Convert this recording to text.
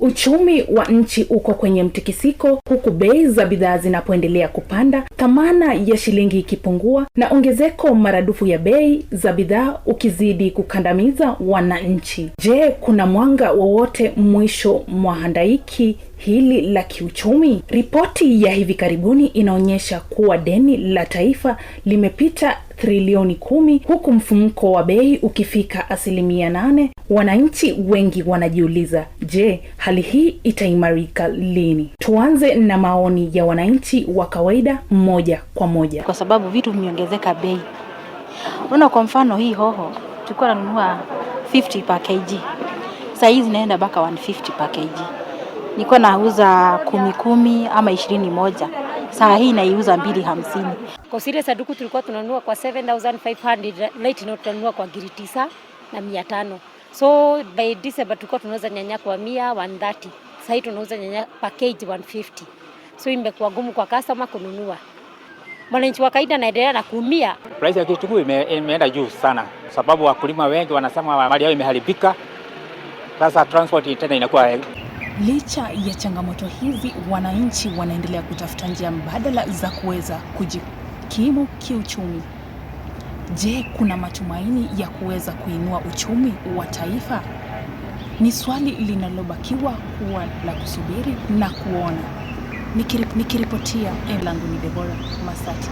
Uchumi wa nchi uko kwenye mtikisiko huku bei za bidhaa zinapoendelea kupanda, thamana ya shilingi ikipungua na ongezeko maradufu ya bei za bidhaa ukizidi kukandamiza wananchi. Je, kuna mwanga wowote mwisho mwa handaiki hili la kiuchumi? Ripoti ya hivi karibuni inaonyesha kuwa deni la taifa limepita trilioni kumi huku mfumko wa bei ukifika asilimia nane wananchi wengi wanajiuliza je hali hii itaimarika lini tuanze na maoni ya wananchi wa kawaida moja kwa moja kwa sababu vitu vimeongezeka bei unaona kwa mfano hii hoho tulikuwa nanunua 50 per kg saa hizi naenda mpaka 150 per kg nilikuwa nauza kumi kumi ama ishirini moja saa hii naiuza mbili hamsini. Kwa siri saduku tulikuwa tunanunua kwa 7500 late na tunanunua kwa giri tisa na mia tano. So by December tulikuwa tunauza nyanya kwa mia 130. Sasa hii tunauza nyanya package 150. So imekuwa gumu kwa customer kununua. Mwananchi wa kawaida anaendelea na kuumia. Price ya kitunguu ime, imeenda juu sana, sababu wakulima wengi wanasema mali yao imeharibika. Sasa transport tena inakuwa Licha ya changamoto hizi, wananchi wanaendelea kutafuta njia mbadala za kuweza kujikimu kiuchumi. Je, kuna matumaini ya kuweza kuinua uchumi wa taifa? Ni swali linalobakiwa kuwa la kusubiri na kuona. Nikiripotia, langu ni Debora Masati.